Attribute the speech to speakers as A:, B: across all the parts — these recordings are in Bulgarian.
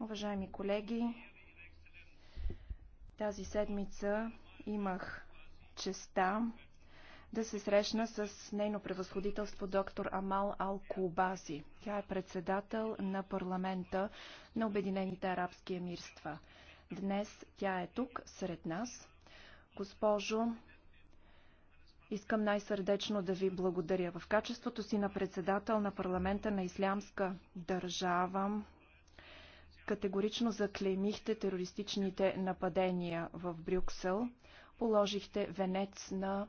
A: Уважаеми колеги, тази седмица имах честа да се срещна с нейно превъзходителство доктор Амал Ал-Кубаси. Тя е председател на парламента на Обединените арабски емирства. Днес тя е тук сред нас. Госпожо Искам най-сърдечно да ви благодаря. В качеството си на председател на парламента на Ислямска държава категорично заклеймихте терористичните нападения в Брюксел. Положихте венец на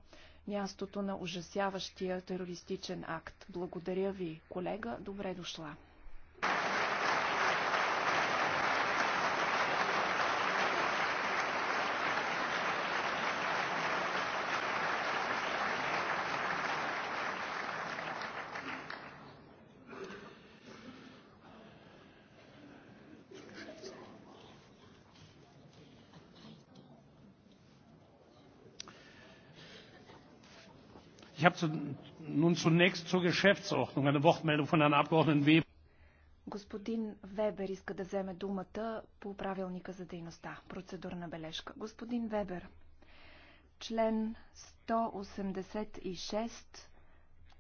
A: мястото на ужасяващия терористичен акт. Благодаря ви, колега. Добре дошла. Ich habe nun zunächst zur Geschäftsordnung eine Wortmeldung von Herrn Abgeordneten Weber. Господин Вебер иска да вземе думата по правилника за дейността. Процедурна бележка. Господин Вебер, член 186,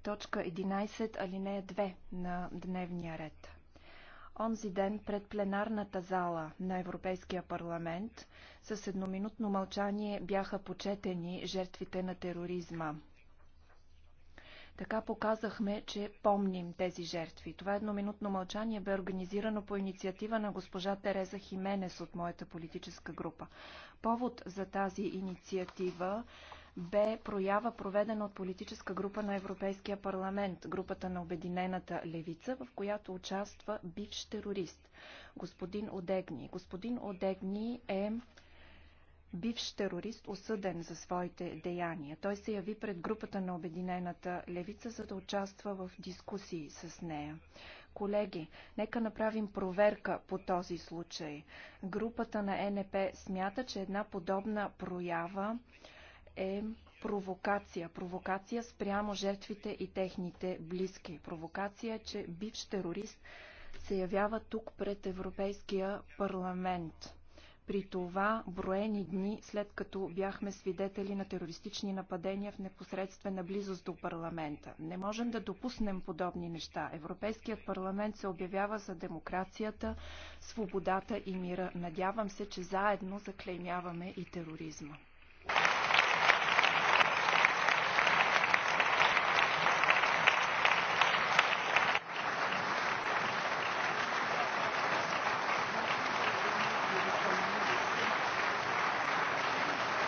A: точка 11, алинея 2 на дневния ред. Онзи ден пред пленарната зала на Европейския парламент с едноминутно мълчание бяха почетени жертвите на тероризма. Така показахме, че помним тези жертви. Това едноминутно мълчание бе организирано по инициатива на госпожа Тереза Хименес от моята политическа група. Повод за тази инициатива бе проява проведена от политическа група на Европейския парламент, групата на Обединената левица, в която участва бивш терорист, господин Одегни. Господин Одегни е бивш терорист, осъден за своите деяния. Той се яви пред групата на Обединената левица, за да участва в дискусии с нея. Колеги, нека направим проверка по този случай. Групата на НП смята, че една подобна проява е провокация. Провокация спрямо жертвите и техните близки. Провокация, е, че бивш терорист се явява тук пред Европейския парламент при това броени дни след като бяхме свидетели на терористични нападения в непосредствена близост до парламента. Не можем да допуснем подобни неща. Европейският парламент се обявява за демокрацията, свободата и мира. Надявам се, че заедно заклеймяваме и тероризма.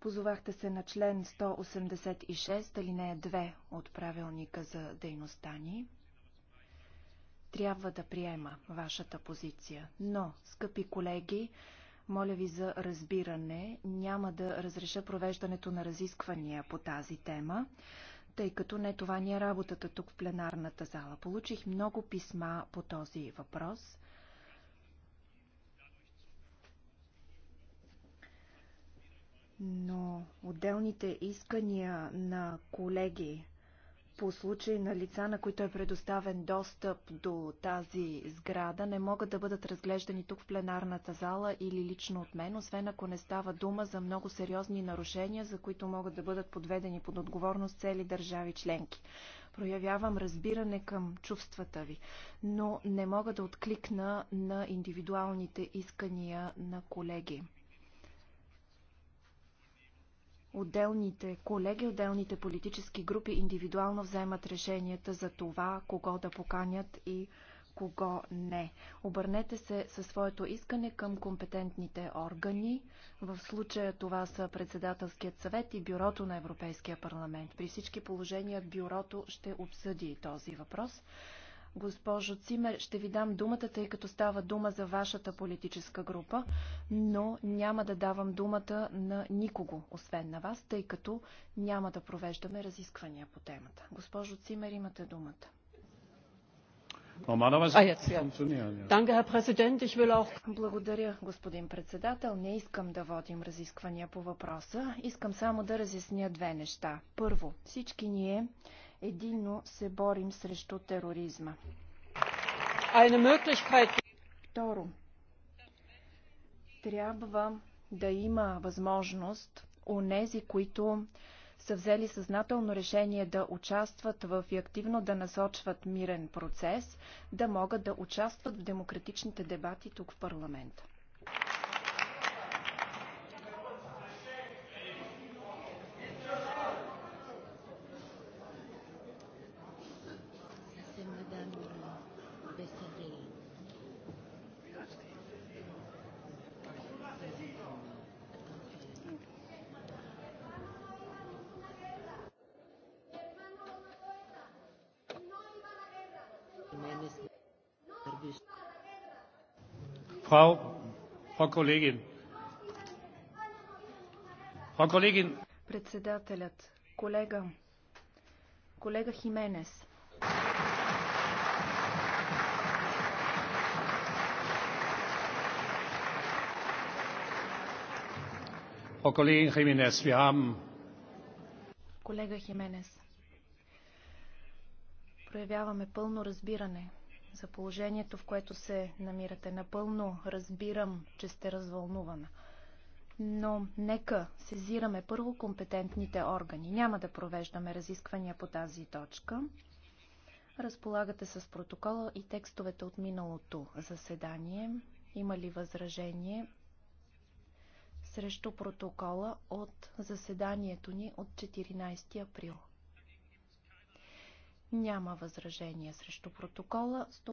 A: Позовахте се на член 186, алинея 2 от правилника за дейността ни. Трябва да приема вашата позиция. Но, скъпи колеги, моля ви за разбиране. Няма да разреша провеждането на разисквания по тази тема, тъй като не това ни е работата тук в пленарната зала. Получих много писма по този въпрос – но отделните искания на колеги по случай на лица, на които е предоставен достъп до тази сграда, не могат да бъдат разглеждани тук в пленарната зала или лично от мен, освен ако не става дума за много сериозни нарушения, за които могат да бъдат подведени под отговорност цели държави членки. Проявявам разбиране към чувствата ви, но не мога да откликна на индивидуалните искания на колеги отделните колеги, отделните политически групи индивидуално вземат решенията за това, кого да поканят и кого не. Обърнете се със своето искане към компетентните органи. В случая това са председателският съвет и бюрото на Европейския парламент. При всички положения бюрото ще обсъди този въпрос. Госпожо Цимер, ще ви дам думата, тъй като става дума за вашата политическа група, но няма да давам думата на никого, освен на вас, тъй като няма да провеждаме разисквания по темата. Госпожо Цимер, имате думата. Благодаря, господин председател. Не искам да водим разисквания по въпроса. Искам само да разясня две неща. Първо, всички ние единно се борим срещу тероризма. Второ, трябва да има възможност у нези, които са взели съзнателно решение да участват в и активно да насочват мирен процес, да могат да участват в демократичните дебати тук в парламента. Председателят, колега, колега Хименес. Колега Хименес, проявяваме пълно разбиране за положението, в което се намирате. Напълно разбирам, че сте развълнувана. Но нека сезираме първо компетентните органи. Няма да провеждаме разисквания по тази точка. Разполагате с протокола и текстовете от миналото заседание. Има ли възражение срещу протокола от заседанието ни от 14 април? Няма възражение срещу протокола.